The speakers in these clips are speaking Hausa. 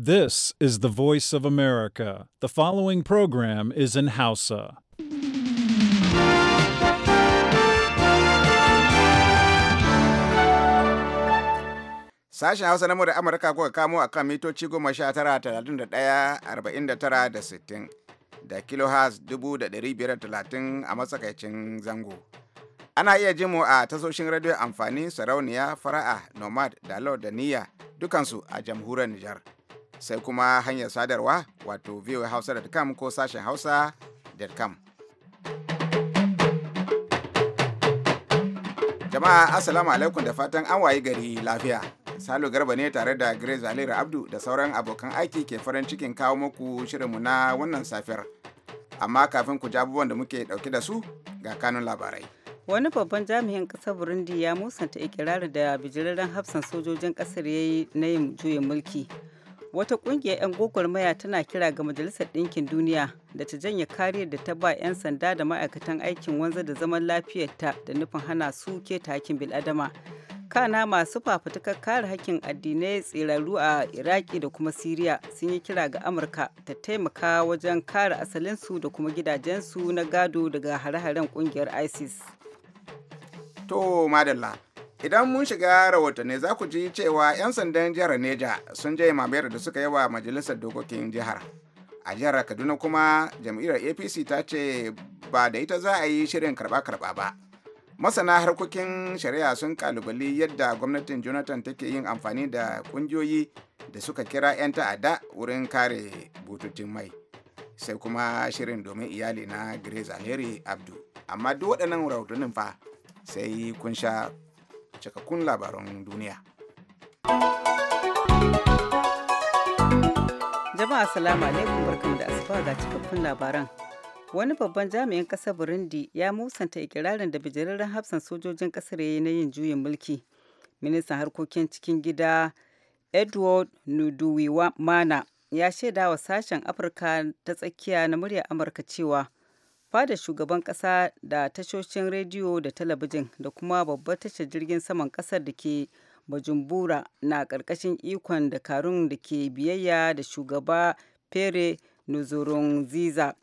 This is the voice of America. The following program is in Hausa. Sashen Hausa na da Amurka kuka kamo a kan mitoci goma sha tara talatin da ɗaya arba'in da tara da sittin da kilohas dubu da ɗari biyar talatin a matsakaicin zango. Ana iya ji mu a tasoshin radio amfani sarauniya fara'a nomad da da niyya dukansu a jamhuriyar Nijar. sai kuma hanyar sadarwa wato voahausa.com ko sashen hausa.com. Jama'a Assalamu alaikum da fatan an wayi gari lafiya. Salo Garba ne tare da Grace Zalira Abdu da sauran abokan aiki ke farin cikin kawo muku shirinmu na wannan safiyar. Amma kafin ku ji abubuwan da muke dauke da su ga kanun labarai. wani babban jami'in kasar burundi ya musanta ikirarin da bijirarren hafsan sojojin kasar ya yi na yin juyin mulki wata kungiyar 'yan gwagwarmaya tana kira ga majalisar ɗinkin duniya da ta janye kariyar da ta ba 'yan sanda da ma'aikatan aikin wanzar da zaman lafiyarta da nufin hana su keta hakin bil'adama kana masu fafutukar kare hakkin addinai tsirarru a iraki da kuma siriya sun yi kira ga amurka ta taimaka wajen kare asalinsu da kuma gidajensu na gado daga hare-haren kungiyar isis to madalla idan mun shiga rahotanni za ku ji cewa 'yan sandan jihar neja sun je mamayar da suka yi wa majalisar dokokin jihar a jihar kaduna kuma jam'iyyar apc ta ce ba da ita za a yi shirin karba-karba ba masana harkokin shari'a sun kalubali yadda gwamnatin jonathan take yin amfani da kungiyoyi da suka kira 'yan ta'adda wurin kare bututun mai sai kuma shirin domin iyali na grace abdu amma duk waɗannan rahotannin fa sai kun sha cikakkun labaran duniya. Jama'a salamu alaikum barkamu da asuba ga cikakkun labaran. Wani babban jami'in ƙasar Burundi ya musanta ikirarin da bijirarren hafsan sojojin ƙasar ya yi na yin juyin mulki. Ministan harkokin cikin gida Edward Nuduwiwa Mana ya shaida wa sashen Afirka ta tsakiya na murya Amurka cewa fada shugaban kasa da tashoshin rediyo da talabijin da kuma babbar tashar jirgin saman kasar da ke bajumbura na karkashin ikon dakarun da ke biyayya da shugaba pere nuzurunziza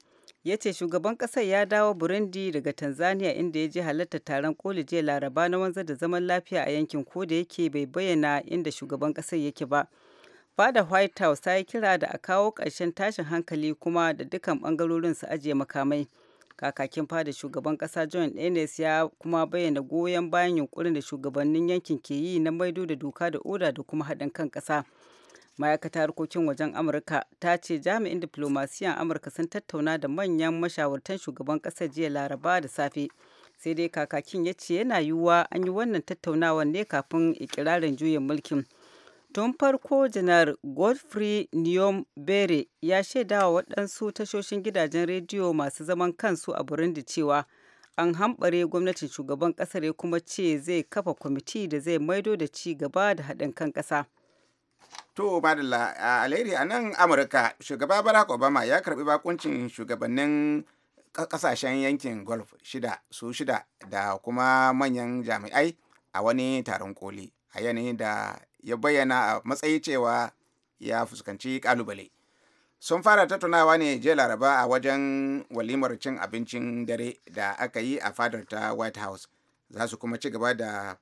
ya ce shugaban kasar ya dawo burundi daga tanzania inda ya je halarta taron koli jiya laraba na wanzar da zaman lafiya a yankin ko da yake bai bayyana inda shugaban kasar yake ba fada white house ta yi kira da a kawo ƙarshen tashin hankali kuma da dukkan bangarorin su ajiye makamai kakakin fada shugaban kasa john ennis ya kuma bayyana goyon bayan yunkurin da shugabannin yankin ke yi na maido da doka da oda da kuma haɗin kan kasa. ma'aikatar harkokin wajen amurka ta ce jami'in diplomasiyan amurka sun tattauna da manyan mashawartan shugaban kasar jiya laraba da safe sai dai kakakin ya ce yana yiwuwa an yi wannan tattaunawar ne kafin ikirarin juyin mulkin Tun farko Janar Godfrey neom Bere ya shaidawa waɗansu tashoshin gidajen rediyo masu zaman kansu a Burundi cewa an hambare gwamnatin shugaban ƙasar ya kuma ce zai kafa kwamiti da zai maido da ci gaba da haɗin kan ƙasa. To, Madalla, a Alheri a nan Amurka, shugaba Barack Obama ya karbi bakuncin shugabannin ƙasashen yankin golf shida, su shida da kuma manyan jami'ai a wani taron koli a yanayin da ya bayyana a matsayi cewa ya fuskanci kalubale sun fara tattunawa ne jiya laraba a wajen walimar cin abincin dare da aka yi a fadar ta white house za su kuma ci gaba da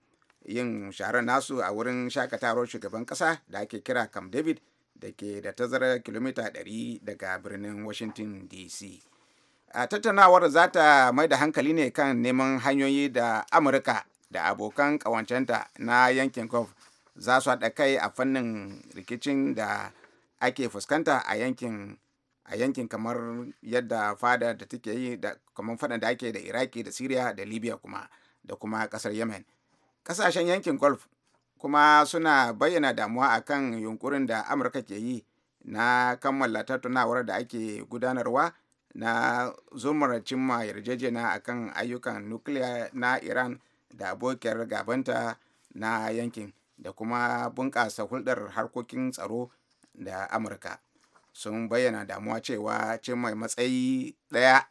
yin sharar nasu a wurin shakatawar shugaban kasa da ake kira camp david da ke da tazarar kilomita 100 daga birnin washington dc a tattunawar za ta mai da hankali ne kan neman hanyoyi da amurka da abokan kawancenta na yankin gulf za su haɗa kai a fannin rikicin da ake fuskanta a yankin a yankin kamar yadda fada da take yi da kamar fadan da ake da iraki da syria da libya kuma da kuma kasar yemen kasashen yankin golf kuma suna bayyana damuwa akan yunkurin da amurka ke yi na kammala tattunawar da ake gudanarwa na zumar cimma yarjejena akan ayyukan nukiliya na iran da abokiyar gabanta na yankin da kuma bunƙasa hulɗar harkokin tsaro da amurka sun bayyana damuwa cewa cin mai matsayi ɗaya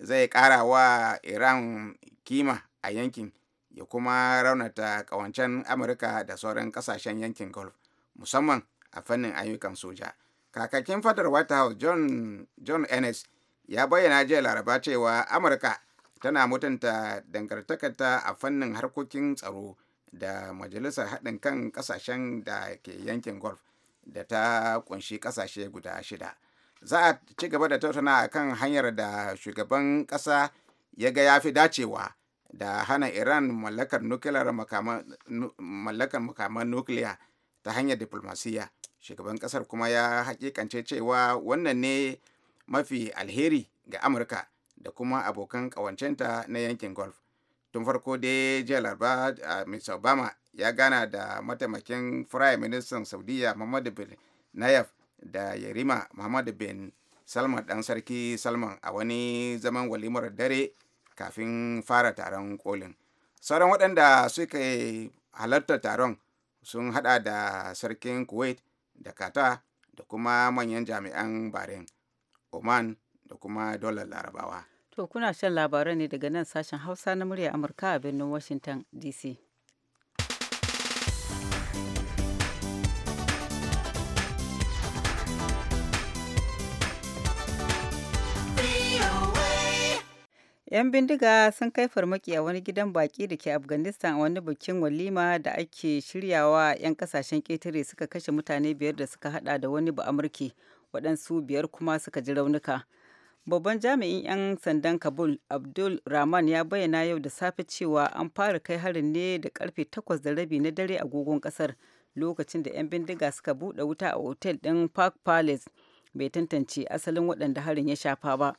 zai ƙara wa iran kima a yankin ya kuma raunata ƙawancen amurka da sauran ƙasashen yankin gulf musamman a fannin ayyukan soja kakakin fadar white house john, john ennis ya bayyana jiya laraba cewa amurka tana mutunta dangantakarta a fannin harkokin tsaro da majalisar haɗin kan ƙasashen da ke yankin golf da ta kunshi ƙasashe guda shida za a ci gaba da tattauna a kan hanyar da shugaban ƙasa ya ga ya fi dacewa da hana iran mallakar makaman nukiliya ta hanyar diplomasiya shugaban ƙasar kuma ya hakikance cewa wannan ne mafi alheri ga amurka da kuma abokan ƙawancenta na yankin golf tun farko dai jiya laraba mr obama ya gana da mataimakin firayim ministan saudiya muhammadu bin nayef da yarima muhammadu bin salman dan sarki salman a wani zaman walimar dare kafin fara taron kolin sauran waɗanda suka halartar taron sun hada da sarkin kuwait da kata da kuma manyan jami'an bahrain oman da kuma dolar larabawa To kuna shan labarai ne daga nan sashen Hausa na murya Amurka a birnin Washington DC. yan bindiga sun kai farmaki a wani gidan baki da ke afghanistan a wani bikin walima da ake shiryawa yan kasashen ƙetare suka kashe mutane biyar da suka hada da wani ba amurki waɗansu biyar kuma suka ji raunuka Babban jami'in 'yan sandan Kabul, Abdul Rahman ya bayyana yau da safe cewa an fara kai harin ne da karfe 8:30 na dare agogon kasar lokacin da 'yan bindiga suka buɗe wuta a otel ɗin Park Palace bai tantance asalin waɗanda harin ya shafa ba.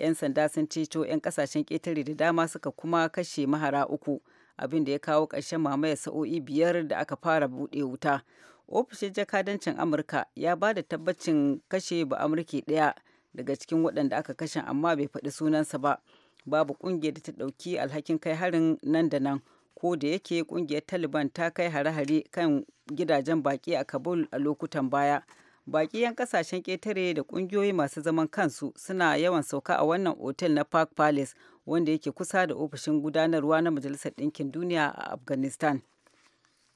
'Yan sanda sun ceto 'yan kasashen ƙetare da dama suka kuma kashe mahara uku. abin da ya kawo ƙarshen mamayar sa'o'i biyar da aka fara buɗe wuta ofishin jakadancin amurka ya ba da tabbacin kashe ba amurki ɗaya daga cikin waɗanda aka kashe amma bai faɗi sunansa ba babu ƙungiyar da ta ɗauki alhakin kai harin nan da nan ko da yake ƙungiyar taliban ta kai hare-hare kan gidajen baƙi a kabul a lokutan baya baƙi 'yan ƙasashen ƙetare da ƙungiyoyi masu zaman kansu suna yawan sauka a wannan otel na park palace wanda yake kusa da ofishin gudanarwa na majalisar ɗinkin duniya a afghanistan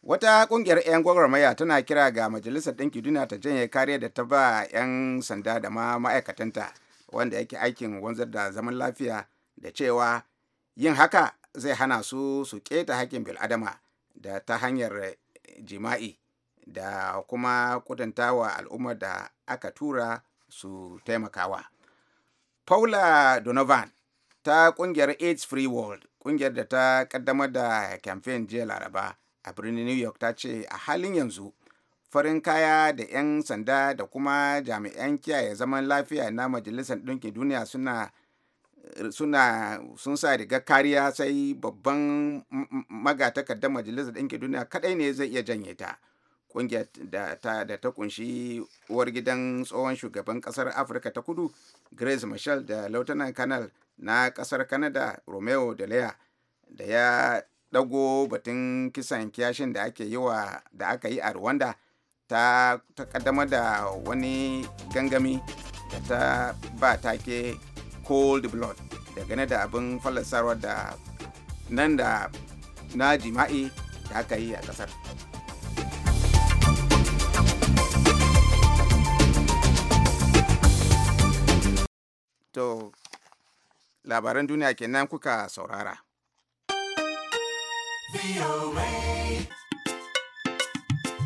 wata kungiyar 'yan gwagwarmaya tana kira ga majalisar ɗinki duniya ta janye kariya da ta ba 'yan sanda da ma ma'aikatanta wanda yake aikin wanzar da zaman lafiya da cewa yin haka zai hana su su keta hakkin bil'adama da ta hanyar jima'i da kuma kudantawa al'ummar da aka tura su taimakawa paula donovan ta kungiyar aids free world kungiyar da ta kaddamar da kamfen jiya laraba a birnin new york ta ce a halin yanzu farin kaya da 'yan sanda da kuma jami'an kiyaye zaman lafiya na majalisar ɗinkin duniya suna suna sun sa riga kariya sai babban magatakardar majalisar ɗinkin duniya kadai ne zai iya janye ta ƙungiyar da ta da ta kunshi uwar gidan tsohon shugaban ƙasar afirka ta kudu grace michelle da lieutenant colonel na ƙasar canada romeo delea da ya ɗago batun kisan kiyashin da ake yi wa da aka yi a rwanda ta takaddama da wani gangami da ta ba take cold blood gane da abin fallasarwa da nan da na jima'i da aka yi a ƙasar to labaran duniya kenan kuka saurara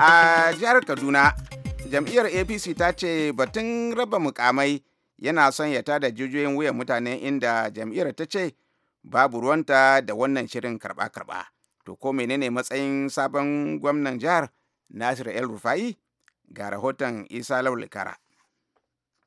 A jihar Kaduna, jam'iyyar APC ta ce batun raba mukamai yana son ya tada jijiyoyin wuyan mutane inda jam'iyyar ta ce babu ruwanta da wannan shirin karba-karba. To ko menene matsayin sabon gwamnan jihar Nasir El Rufai ga rahoton Isa Laulikara.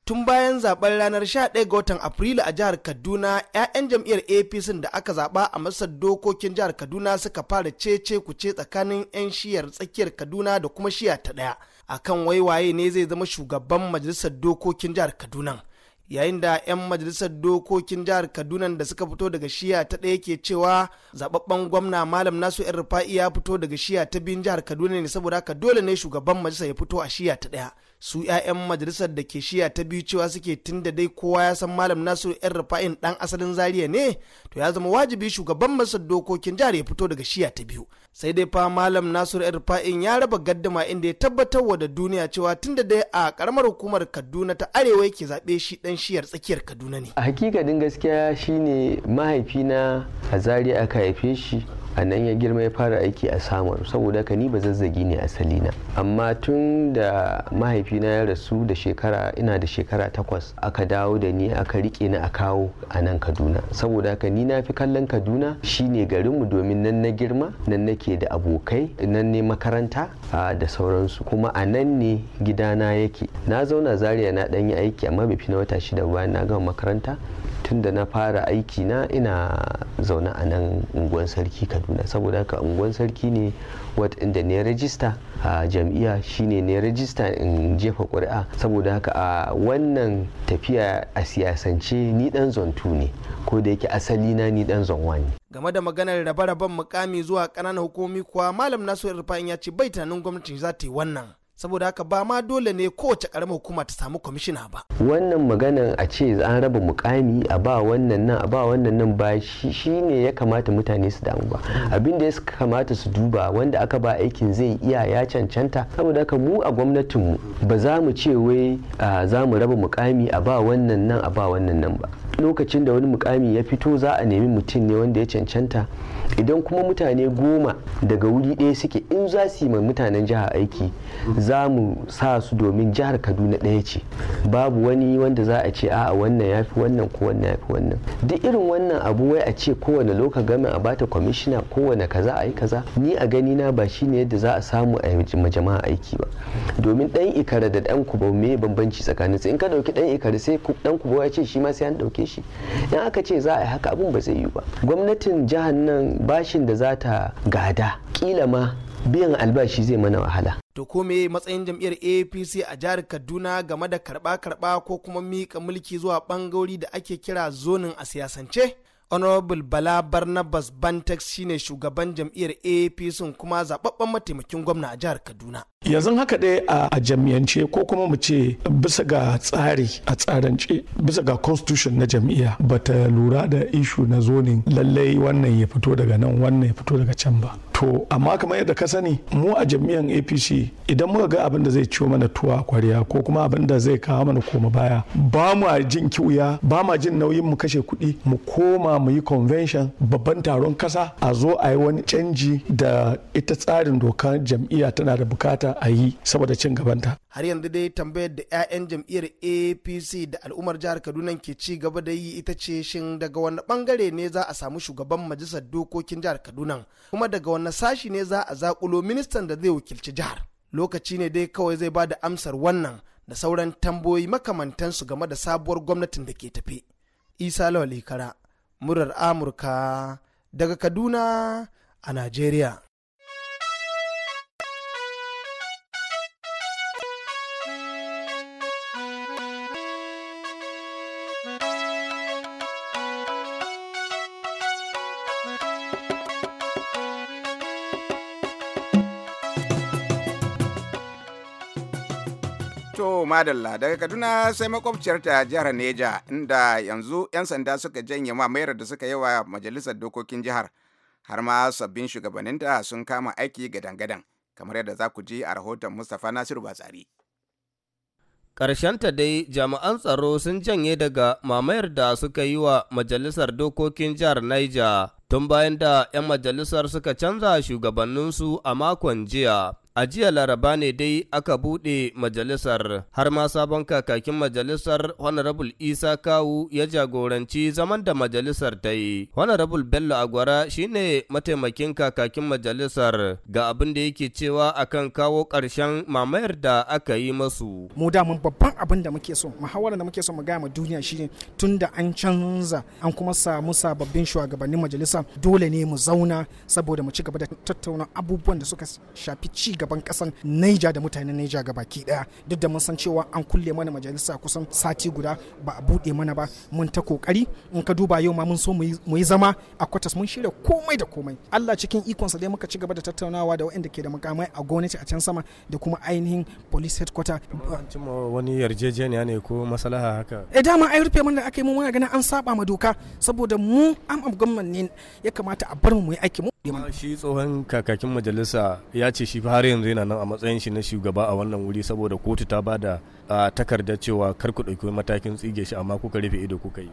tun bayan zaben ranar 11 ga watan Afrilu a jihar Kaduna 'ya'yan jam'iyyar APC da aka zaba a masar dokokin jihar Kaduna suka fara cece kuce tsakanin 'yan shiyar tsakiyar Kaduna da kuma shiya ta ɗaya akan waiwaye ne zai zama shugaban majalisar dokokin jihar Kaduna. Yayin da 'yan majalisar dokokin jihar Kaduna da suka fito daga shiya ta ɗaya ke cewa zababben gwamna Malam Nasu 'yan Rufa'i ya fito daga shiya ta biyun jihar Kaduna ne saboda haka dole ne shugaban majalisar ya fito a shiya ta ɗaya. su 'ya'yan majalisar da ke shiya ta biyu cewa suke tun da dai kowa ya san malam nasiru yan rufa'in dan asalin zaria ne to ya zama wajibi shugaban masar dokokin jihar ya fito daga shiya ta biyu sai dai fa malam nasiru yan rufa'in ya raba gaddama inda ya tabbatar wa da duniya cewa tun da dai a karamar hukumar kaduna ta arewa yake zaɓe shi dan shiyar tsakiyar kaduna ne a hakikanin gaskiya shine mahaifina a zaria aka haife shi a nan ya girma ya fara aiki a samun saboda ka ni ba zazzagi ne asali na amma tun da mahaifina ya rasu da shekara ina da shekara takwas aka dawo da ni aka rike ni a kawo a nan kaduna saboda ka ni na fi kallon kaduna shi shine garinmu domin nan na girma nan nake da abokai nan ne makaranta da sauransu kuma a nan ne gidana yake na zauna zaria na ɗan yi aiki amma bai fi na wata shida bayan na gama makaranta tun da na fara aiki na ina zaune a nan unguwan sarki kaduna saboda haka unguwan sarki ne inda ne rajista a jam'iyya shine ne rajista in jefa ƙuri'a saboda haka a wannan tafiya a siyasance ni dan zantu ne ko da yake asali na ni dan zanwa ne game da maganar rabe-raben mukami zuwa ƙananan hukumi kuwa malam nasu irfan ya ce bai tunanin gwamnati za ta yi wannan saboda haka ba ma dole ne kowace karamar hukuma ta samu kwamishina ba wannan maganan a ce an raba mukami a ba wannan nan a ba wannan nan ba shi ne ya kamata mutane su damu ba abin da ya kamata su duba wanda aka ba aikin zai iya ya cancanta saboda haka mu a gwamnatinmu ba za mu ce wai za mu raba mukami a ba wannan nan a ba wannan nan ba lokacin da wani mukami ya fito za a nemi mutum ne wanda ya cancanta idan kuma mutane goma daga wuri ɗaya suke in za su yi mutanen jiha aiki za mu sa su domin jihar kaduna ɗaya ce babu wani wanda za a ce a'a wannan ya fi wannan ko wannan ya fi wannan duk irin wannan abu wai a ce kowane loka gami a bata kwamishina kowane kaza a yi kaza ni a gani na ba shine yadda za a samu a yi jama'a aiki ba domin ɗan ikara da ɗan kuba me bambanci tsakanin su in ka ɗauki ɗan ikara sai ɗan kuba ya ce shi ma sai an ɗauke shi in aka ce za a yi haka abun ba zai yi ba gwamnatin jihar nan bashin da za ta gada kila ma biyan albashi zai mana wahala to ko me matsayin jam'iyyar apc a jihar kaduna game da karɓa-karɓa ko kuma mika mulki zuwa ɓangarori da ake kira zonin a siyasance honorable bala barnabas bantex shine shugaban jam'iyyar apc kuma zaɓaɓɓen mataimakin gwamna a jihar kaduna yanzu haka dai a jami'ance ko kuma mu ce bisa ga tsari a tsarance bisa ga constitution na jam'iyya bata lura da ishu na zonin lallai wannan ya fito daga nan wannan ya fito daga can ba to amma kamar yadda ka sani mu a jami'an apc idan muka ga abin da zai ciwo mana tuwa kwariya ko kuma abin da zai kawo mana koma baya ba mu jin kiuya ba ma jin nauyin mu kashe kuɗi mu koma mu yi convention babban taron kasa a zo a yi wani canji da ita tsarin dokar jam'iyya tana da bukata a yi saboda cin gabanta har yanzu dai tambayar da 'ya'yan jam'iyyar apc da al'ummar jihar kaduna ke ci gaba da yi ita ce shin daga wani bangare ne za a samu shugaban majalisar dokokin jihar kaduna kuma daga wani sashi ne za a zakulo ministan da zai wakilci jihar lokaci ne dai kawai zai ba da amsar wannan da sauran tambayoyi makamantansu game da sabuwar gwamnatin da ke tafe isa lawal ikara murar amurka daga kaduna a najeriya madalla daga kaduna sai makwabciyarta jihar neja inda yanzu 'yan sanda suka janye mamayar da suka yi wa majalisar dokokin jihar har ma sabbin shugabanninta sun kama aiki gadan-gadan kamar yadda za ku ji a rahoton mustapha nasiru batsari ta dai jami'an tsaro sun janye daga mamayar da suka yi wa majalisar dokokin jihar Niger tun bayan da 'yan majalisar suka canza shugabanninsu a makon jiya. A jiya laraba ne dai aka buɗe majalisar, har ma sabon kakakin majalisar Honorable Isa Kawu ya jagoranci zaman da majalisar ta yi. Honorable Bello Agwara shine mataimakin kakakin majalisar ga abin da yake cewa akan kawo karshen mamayar da aka yi masu. Mu da mun babban abin da muke so, muhawarar da muke so mu ma duniya shine tunda an canza an kuma samu sababbin shugabannin majalisa dole ne mu zauna saboda mu ci gaba da tattauna abubuwan da suka shafi ci gaban kasan Niger da mutanen Niger ga baki daya duk da mun san cewa an kulle mana majalisa kusan sati guda ba a bude mana ba mun ta kokari in ka duba yau ma mun so mu yi zama a kwatas mun shirya komai da komai Allah cikin ikon sa dai muka ci gaba da tattaunawa da waɗanda ke da mukamai a gwamnati a can sama da kuma ainihin police headquarter wani yarjejeniya ne ko maslaha haka eh dama ai rufe mun da aka yi mun muna ganin an saba ma doka saboda mu am am gwamnati ya kamata a bar mu mu yi aiki mu shi tsohon kakakin majalisa ya ce shi har yanzu yana nan a matsayin shi na shugaba a wannan wuri saboda kotu ta ba da takardar cewa kar ku ɗauki matakin tsige shi amma kuka rufe ido kuka yi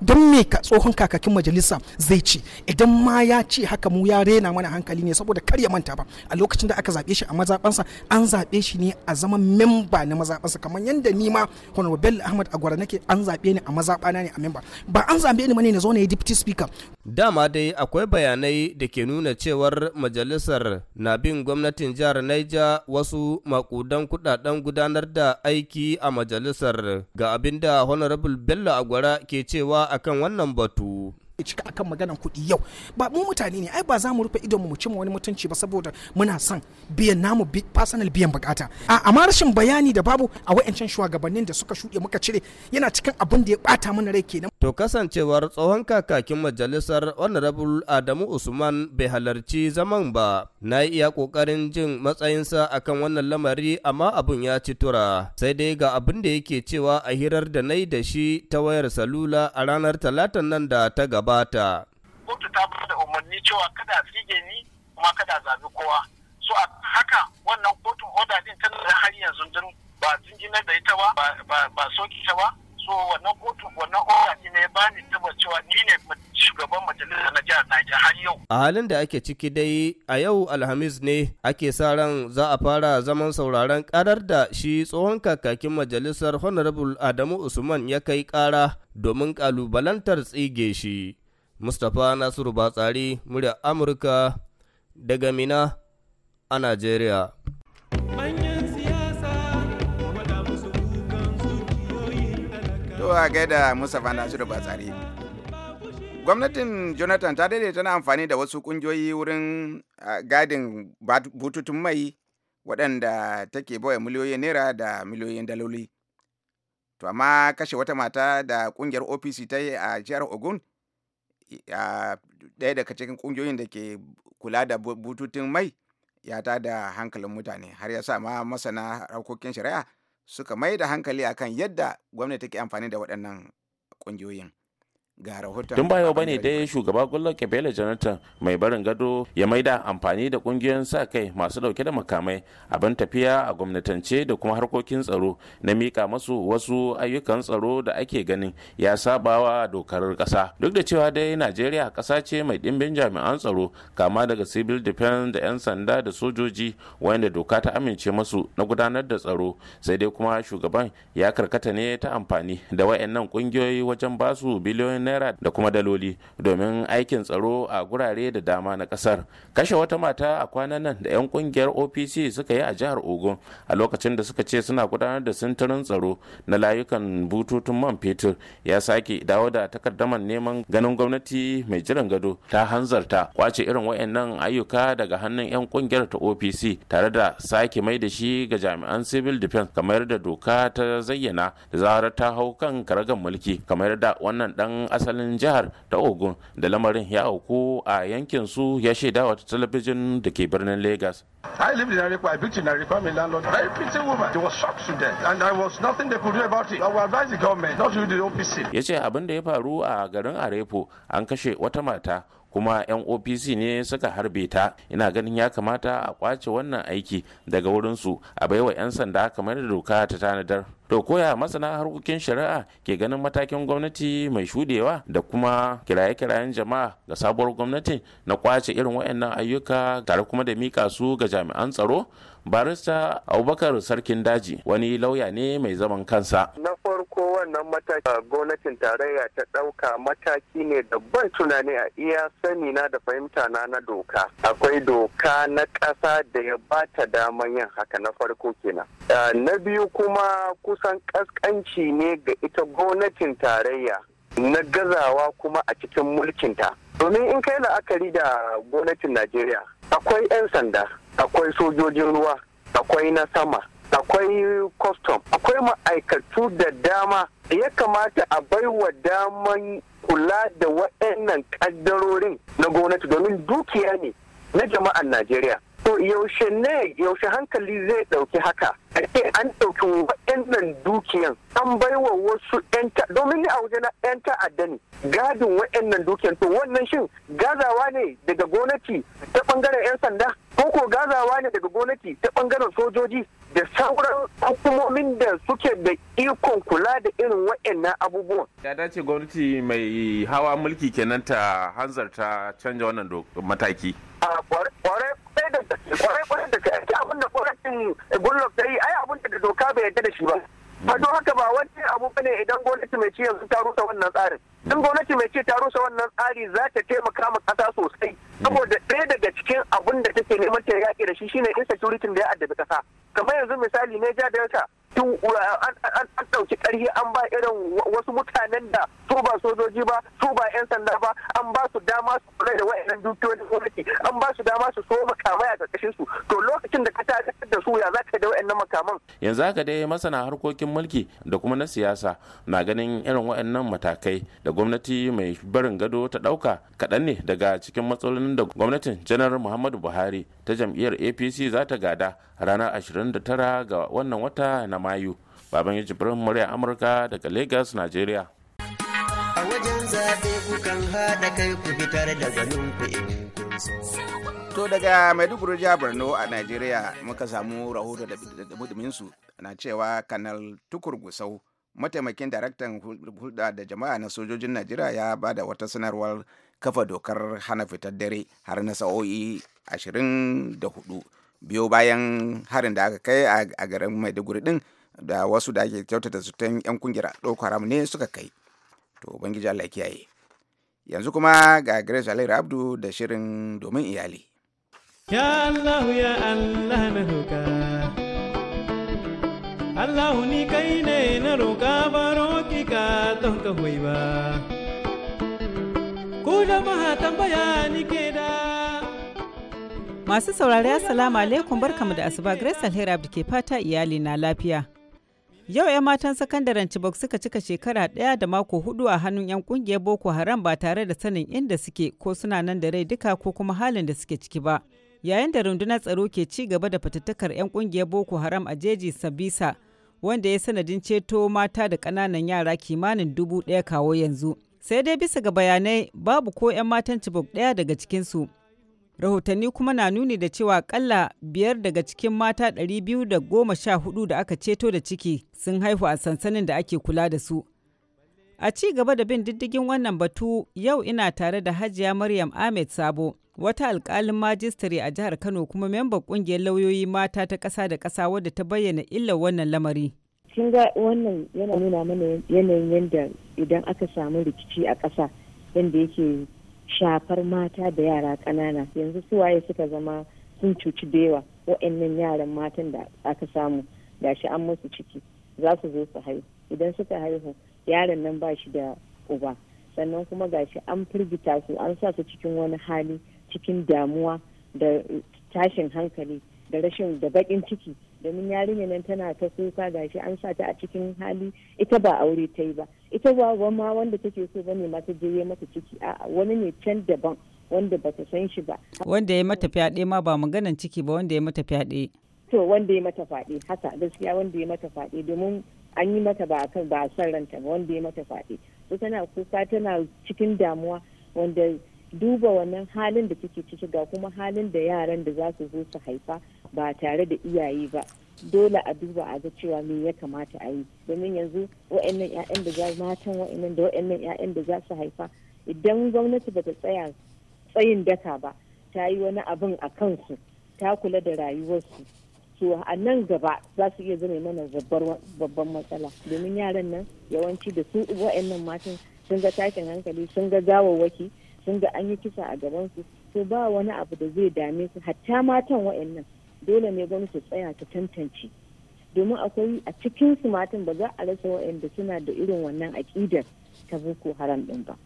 don me ka tsohon kakakin majalisa zai ci idan ma ya ce haka mu ya rena mana hankali ne saboda kar ya manta ba a lokacin da aka zaɓe shi a mazaɓansa an zaɓe shi ne a zaman memba na mazaɓansa kamar yadda ni ma honorable bello ahmad agwara nake an zaɓe ni a mazaɓana ne a memba ba an zaɓe ni ma ne na zo na yi deputy speaker dama dai akwai bayanai da ke nuna cewar majalisar na bin gwamnatin jihar Niger wasu makudan kudaden gudanar da aiki a majalisar ga abinda honorable bello agwara ke cewa cewa akan wannan batu ya cika akan maganan kuɗi yau ba mu mutane ne ai ba za mu rufe idonmu mu cimma wani mutunci ba saboda muna son biyan namu personal biyan bukata a amma rashin bayani da babu a wayancan shugabannin da suka shuɗe muka cire yana cikin abin da ya bata mana rai kenan to kasancewar tsohon kakakin majalisar honorable Adamu Usman bai halarci zaman ba na iya kokarin jin matsayinsa akan wannan lamari amma abun ya ci tura sai dai ga abin da yake cewa a hirar da na yi da shi ta wayar salula a ranar talatan nan da ta gaba gabata. Kotu ta ba da umarni cewa kada a tsige ni kuma kada a zabi kowa. So a haka wannan kotun oda din tana da har yanzu din ba jinginar da ita ba ba soki ta ba. So wannan kotun wannan oda din ne ba ni cewa ni ne shugaban majalisa na jihar Niger har yau. A halin da ake ciki dai a yau Alhamis ne ake sa ran za a fara zaman sauraron karar da shi tsohon kakakin majalisar Honorable Adamu Usman ya kai kara domin kalubalantar tsige shi. Mustapha Nasiru Batsari, murya Amurka daga Mina a Najeriya. Tuwa gaida Mustapha Nasiru Batsari. Gwamnatin Jonathan ta daidai tana amfani da wasu kungiyoyi wurin gadin bututun mai waɗanda take bawa miliyoyin naira da miliyoyin daloli. To amma kashe wata mata da ƙungiyar OPC ta yi a jihar Ogun ɗaya daga cikin ƙungiyoyin da ke kula da bututun mai ya ta da hankalin mutane har ya sa ma masana harkokin shari'a suka mai da hankali akan yadda gwamnati take amfani da waɗannan ƙungiyoyin ga rahoton tun bayo bane dai shugaba gullon kebele jonathan mai barin gado ya maida amfani da kungiyoyin sa kai masu dauke da makamai abin tafiya a gwamnatance da kuma harkokin tsaro na mika masu wasu ayyukan tsaro da ake ganin ya sabawa dokar kasa duk da cewa dai najeriya kasa ce mai dimbin jami'an tsaro kama daga civil defense da yan sanda da sojoji wanda doka ta amince masu na gudanar da tsaro sai dai kuma shugaban ya karkata ne ta amfani da wayannan kungiyoyi wajen basu biliyoyin miliyoyin naira da kuma daloli domin aikin tsaro a gurare da dama na kasar kashe wata mata a kwanan nan da 'yan kungiyar opc suka yi a jihar ogun a lokacin da suka ce suna gudanar da sintirin tsaro na layukan bututun man fetur ya sake dawo da takardamar neman ganin gwamnati mai jiran gado ta hanzarta kwace irin wayannan ayyuka daga hannun 'yan kungiyar ta opc tare da sake mai da shi ga jami'an civil defense kamar da doka ta zayyana da zarar ta hau kan karagan mulki kamar da wannan dan asalin jihar ta ogun da lamarin ya auku a yankin su ya shaida wata talabijin da ke birnin lagos I lived in Arepa. I built in Arepa, my landlord. Very pretty woman. She was shocked to death. And there was nothing they could do about it. I will advise the government not to do the OPC. Ya ce abin da ya faru a garin Arepo an kashe wata mata kuma yan opc ne suka harbe ta ina ganin ya kamata a kwace wannan aiki daga wurinsu a baiwa 'yan sanda kamar da doka ta tanadar to koya masana harkokin shari'a ke ganin matakin gwamnati mai shudewa da kuma kiraye-kirayen jama'a ga sabuwar gwamnati na kwace irin waɗannan ayyuka tare kuma da mika su ga jami'an tsaro barista abubakar sarkin daji wani lauya ne mai zaman kansa ko wannan mataki gwamnatin tarayya ta ɗauka mataki ne da ban tunani a iya sani na da fahimta na na doka akwai doka na ƙasa da ya ba ta daman yin haka na farko kenan na biyu kuma kusan ƙasƙanci ne ga ita gwamnatin tarayya na gazawa kuma a cikin mulkinta domin in kai la'akari da gwamnatin najeriya akwai 'yan sanda akwai sojojin ruwa akwai na sama akwai custom akwai ma'aikatu da dama ya kamata a baiwa daman kula da waɗannan ƙaddarorin na gwamnati domin dukiya ne na jama'an najeriya to yaushe ne yaushe hankali zai ɗauki haka Ake an ɗauki waɗannan dukiyan an bai wa wasu yan domin ni a waje na yan ta'adda ne gadin waɗannan dukiyan to wannan shin gazawa ne daga gwamnati ta ɓangaren yan sanda ko ko gazawa ne daga gwamnati ta ɓangaren sojoji da sauran hukumomin da suke da ikon kula da irin waɗannan abubuwan. Ya dace gwamnati mai hawa mulki kenan ta hanzarta canja wannan mataki. A kwarai kwarai da gaske abin da gwamnatin gullof ta yi ai abin da doka bai yarda da shi ba fa don haka ba wani abu bane idan gwamnati mai ce yanzu ta rusa wannan tsarin in gwamnati mai ce ta rusa wannan tsari za ta taimaka ma kasa sosai saboda ɗaya daga cikin abin da take neman ta yaƙi da shi shine insecurity da ya addabi kasa kamar yanzu misali ne ja delta an ɗauki ƙarhi an ba irin wasu mutanen da su ba sojoji ba su ba 'yan sanda ba an ba su dama su kula da wa'annan dukiyoyin gwamnati an ba su dama su so makamai a ƙarƙashin su to lokacin da ka ta da su ya zaka da wayannan matakan yanzu haka dai masana harkokin mulki da kuma na siyasa na ganin irin wayannan matakai da gwamnati mai barin gado ta dauka kaɗan ne daga cikin matsalolin da gwamnatin janar muhammadu buhari ta jam'iyyar apc za ta gada ranar 29 ga wannan wata na mayu baban yaji jibirin murya amurka daga lagos nigeria a wajen zaɓe kukan haɗa kai ku fitar da zanen ku in kun so to daga maiduguri jihar borno a nigeria muka samu rahoto da su na cewa kanal tukur gusau mataimakin daraktan hulɗa da jama'a na sojojin najeriya ya ba da wata sanarwar kafa dokar hana fitar dare har na sa'o'i 24 biyo bayan harin da aka kai a garin maiduguri din da wasu da ake kyautata sutan 'yan kungiyar ɗauko haram ne suka kai to ubangiji allah kiyaye yanzu kuma ga grace Alayra abdu da shirin domin iyali Ya Allah ya Allah na roƙa ni kai ne na roƙa ka Masu saurari assalamu alaikum barkamu da asuba Grace Alheri Abdi ke fata iyali na lafiya Yau ya matan sakandaren Chibok suka cika shekara ɗaya da mako hudu a hannun 'yan kungiyar Boko Haram ba tare da sanin inda suke ko suna nan da rai duka ko kuma halin da suke ciki ba. yayin da rundunar tsaro ke ci gaba da fatattakar 'yan kungiyar boko haram a jeji sabisa wanda ya sanadin ceto mata da kananan yara kimanin dubu ɗaya kawo yanzu sai dai bisa ga bayanai babu ko 'yan matan cibok ɗaya daga cikinsu rahotanni kuma na nuni da cewa kalla biyar daga cikin mata 214 da aka ceto da ciki sun haihu a sansanin da ake kula da su a ci gaba da bin diddigin wannan batu yau ina tare da hajiya maryam ahmed sabo wata alkalin majistare a jihar kano kuma membar kungiyar lauyoyi mata ta kasa da kasa wadda ta bayyana illar wannan lamari kin ga wannan yana nuna mana yanayin yadda idan aka samu rikici a kasa yadda yake shafar mata da yara ƙanana yanzu su waye suka zama sun cuci da yawa wa'annan yaran matan da aka samu da shi an musu ciki za su zo su haihu idan suka haihu yaran nan ba shi da uba sannan kuma gashi an firgita su an sa su cikin wani hali cikin damuwa da tashin hankali da rashin da baƙin ciki domin yarinya nan tana ta kuka gashi an sa ta a cikin hali ita ba aure ta yi ba ita ba ma wanda take so bane ma ta je mata ciki a'a wani ne can daban wanda ba ta san shi ba wanda ya mata fyaɗe ma ba maganan ciki ba wanda ya mata fyaɗe to wanda ya mata fyaɗe haka gaskiya wanda ya mata fyaɗe domin an yi mata ba kan ba a san ranta ba wanda ya mata fyaɗe to tana kuka tana cikin damuwa wanda duba wannan halin da kike ciki ga kuma halin da yaran da za su zo su haifa ba tare da iyaye ba dole a duba a ga cewa me ya kamata a yi domin yanzu wa'annan 'ya'yan da za matan wa'annan da wa'annan 'ya'yan da za su haifa idan gwamnati ba ta tsaya tsayin daka ba ta yi wani abin a kansu ta kula da rayuwarsu to a nan gaba za su iya zama mana babban matsala domin yaran nan yawanci da su wa'annan matan sun ga tashin hankali sun ga gawawwaki sun ga an yi kisa a gabansu to ba wani abu da zai dame su hatta matan wa'annan dole ne gwamnati tsaya ta tantance domin akwai a cikin su matan ba za a rasa wa'anda suna da irin wannan aƙidar ta boko haram din ba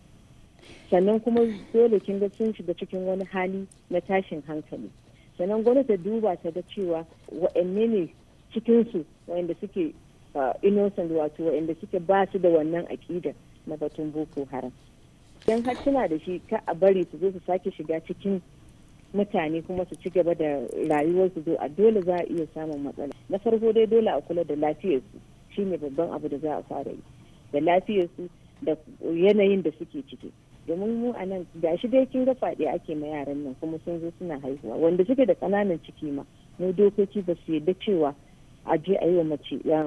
sannan kuma dole kin ga sun shiga cikin wani hali na tashin hankali sannan gwamnati ta duba ta ga cewa wa'anne ne cikin su wa'anda suke ah, innocent wato wa'anda suke basu da wannan aƙidar na batun boko haram don har suna da shi ka a bari su zo su sake shiga cikin mutane kuma su ci gaba da rayuwarsu zo a dole za a iya samun matsala na farko dai dole a kula da lafiyarsu shine babban abu da za a fara yi da lafiyarsu da yanayin da suke ciki domin mu a nan ga shi dai kin ga faɗi ake ma yaran nan kuma sun zo suna haihuwa wanda suke da kananan ciki ma mu dokoki ba su yadda cewa a je a yi wa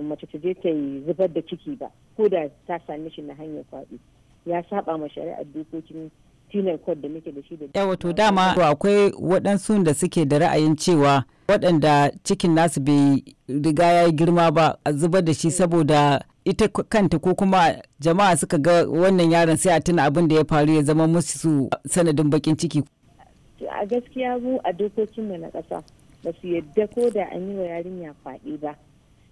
mace ta je ta yi zubar da ciki ba ko da ta sami shi na hanyar faɗi ya saba ma shari'ar dokokin penal code da muke da shi da yawa to dama akwai waɗansu da suke da ra'ayin cewa waɗanda cikin nasu bai riga ya yi girma ba a zubar da shi eh. saboda ita kanta ko kuma jama'a suka ga wannan yaron sai a tuna abin da ya faru ya zama musu su sanadin bakin ciki a gaskiya mu a dokokinmu na ƙasa ba su yadda ko da an yi wa yarinya faɗi ba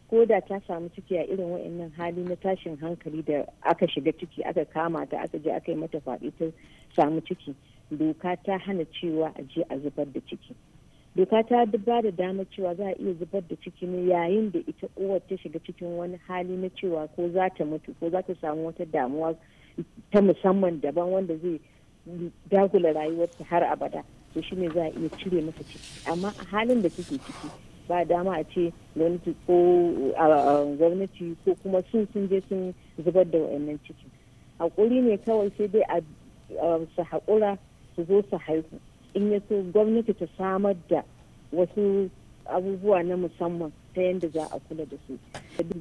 ko da ta samu ciki a irin wa'annan hali na tashin hankali da aka shiga ciki aka kama ta aka je aka yi mata faɗi ta samu ciki doka ta hana cewa a je a zubar da ciki doka ta ba da dama cewa za a iya zubar da ciki ne yayin da ita uwar ta shiga cikin wani hali na cewa ko za ta mutu ko za ta samu wata damuwa ta musamman daban wanda zai dagula rayuwarta har abada to shine za a iya cire mata ciki amma a halin da take ciki ba dama a ce gwamnati ko gwamnati ko kuma su sun je sun zubar da wayannan ciki haƙuri ne kawai sai dai a su haƙura su zo su haihu in ya so gwamnati ta samar da wasu abubuwa na musamman ta yadda za a kula da su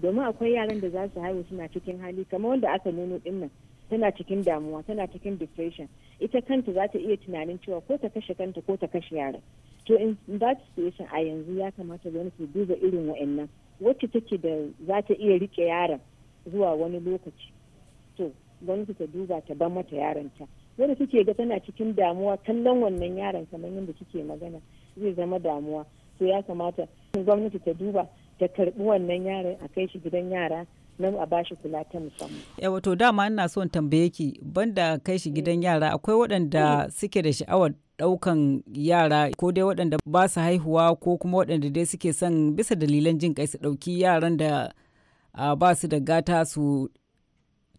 domin akwai yaran da za su haihu suna cikin hali kamar wanda aka nuno dinnan tana cikin damuwa tana cikin depression ita kanta za ta iya tunanin cewa ko ta kashe kanta ko ta kashe yaran to in that situation a yanzu ya kamata gwamnati duba irin wa'annan wacce take da za ta iya rike yaron zuwa wani lokaci to gwamnati ta duba ta ban mata yaronta wanda suke ga tana cikin damuwa kallon wannan yaron kamar yadda suke magana zai zama damuwa to ya kamata gwamnati ta duba ta karbi wannan yaron a kai shi gidan yara nan a bashi kula ta musamman. Yawa to dama ina son tambaye ki banda kai shi gidan yara akwai waɗanda eh. suke da sha'awar daukan yara ko dai waɗanda ba su haihuwa ko kuma waɗanda dai suke son bisa dalilan jin kai su ɗauki yaran da ba su da gata su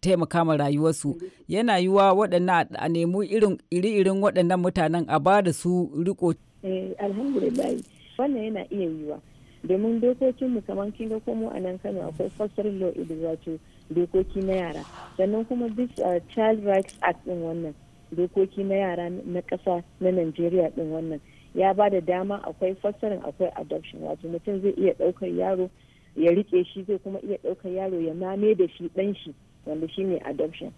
taimaka ma rayuwarsu yana yiwa waɗannan a nemi irin iri-irin waɗannan mutanen a ba da su riko. Eh, alhamdulillah wannan yana iya yiwa domin dokokinmu kamar kinga ga mu a nan kano akwai fostering law wato dokoki na yara sannan kuma this uh, child rights act din wannan dokoki na yara na ƙasa na Najeriya ɗin wannan ya ba da dama akwai fassarin akwai adoption wato mutum zai iya ɗaukar yaro ya rike shi zai kuma iya ɗaukar yaro ya name da shi ɗan shi wanda shi ne adoption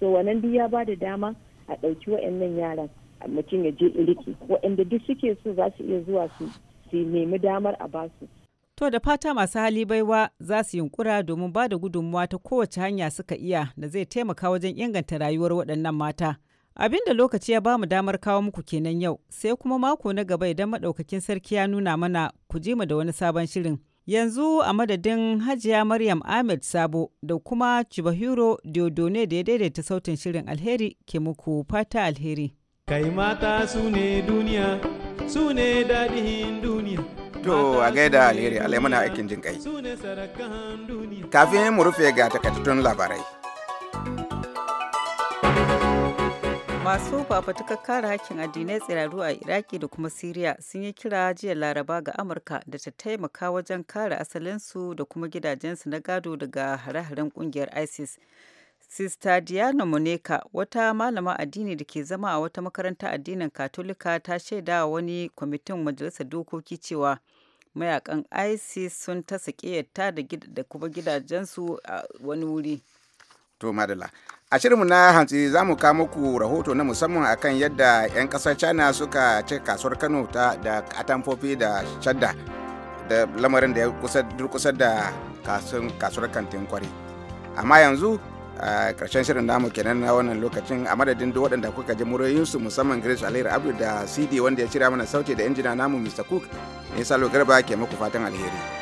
so wannan duk ya ba da dama a ɗauki wa'annan yaran mutum ya je rike waɗanda duk suke so za su iya zuwa su nemi damar a basu. To da fata masu hali baiwa za su yunkura domin ba da gudunmuwa ta kowace hanya suka iya da zai taimaka wajen inganta rayuwar waɗannan mata. Abin da lokaci ya ba mu damar kawo muku kenan yau, sai kuma mako na gaba idan maɗaukakin sarki ya nuna mana ku ji mu da wani sabon shirin. Yanzu a madadin Hajiya Maryam Ahmed Sabo da kuma Chibahiro Diodone da ya daidaita sautin shirin alheri ke muku fata alheri. Kai mata su ne duniya, su ne daɗin duniya. To a gaida alheri alaimuna aikin jin kai. Kafin mu rufe ga takaitattun labarai. masu fafatukar kare hakkin addinai tsiraru a iraki da kuma siriya sun yi kira jiya laraba ga amurka da ta taimaka wajen kare asalinsu da kuma gidajensu na gado daga hare-haren kungiyar isis Sista Diana Moneka, wata malama addini da ke zama a wata makaranta addinin Katolika ta shaida wani kwamitin Majalisar Dokoki cewa mayakan ISIS sun ta sakiyarta da kuma gidajensu a wani wuri. to madala a shirinmu na hantsi za mu kawo muku rahoto na musamman akan yadda 'yan kasar china suka cika kasuwar kano ta da katamfofi da shadda da lamarin da ya kusa da kasuwar kantin kwari amma yanzu a karshen shirin namu kenan na wannan lokacin a madadin duk waɗanda kuka ji su musamman grace alayyar abu da cd wanda ya cira mana sauti da injina namu mr cook ne salo garba ke muku fatan alheri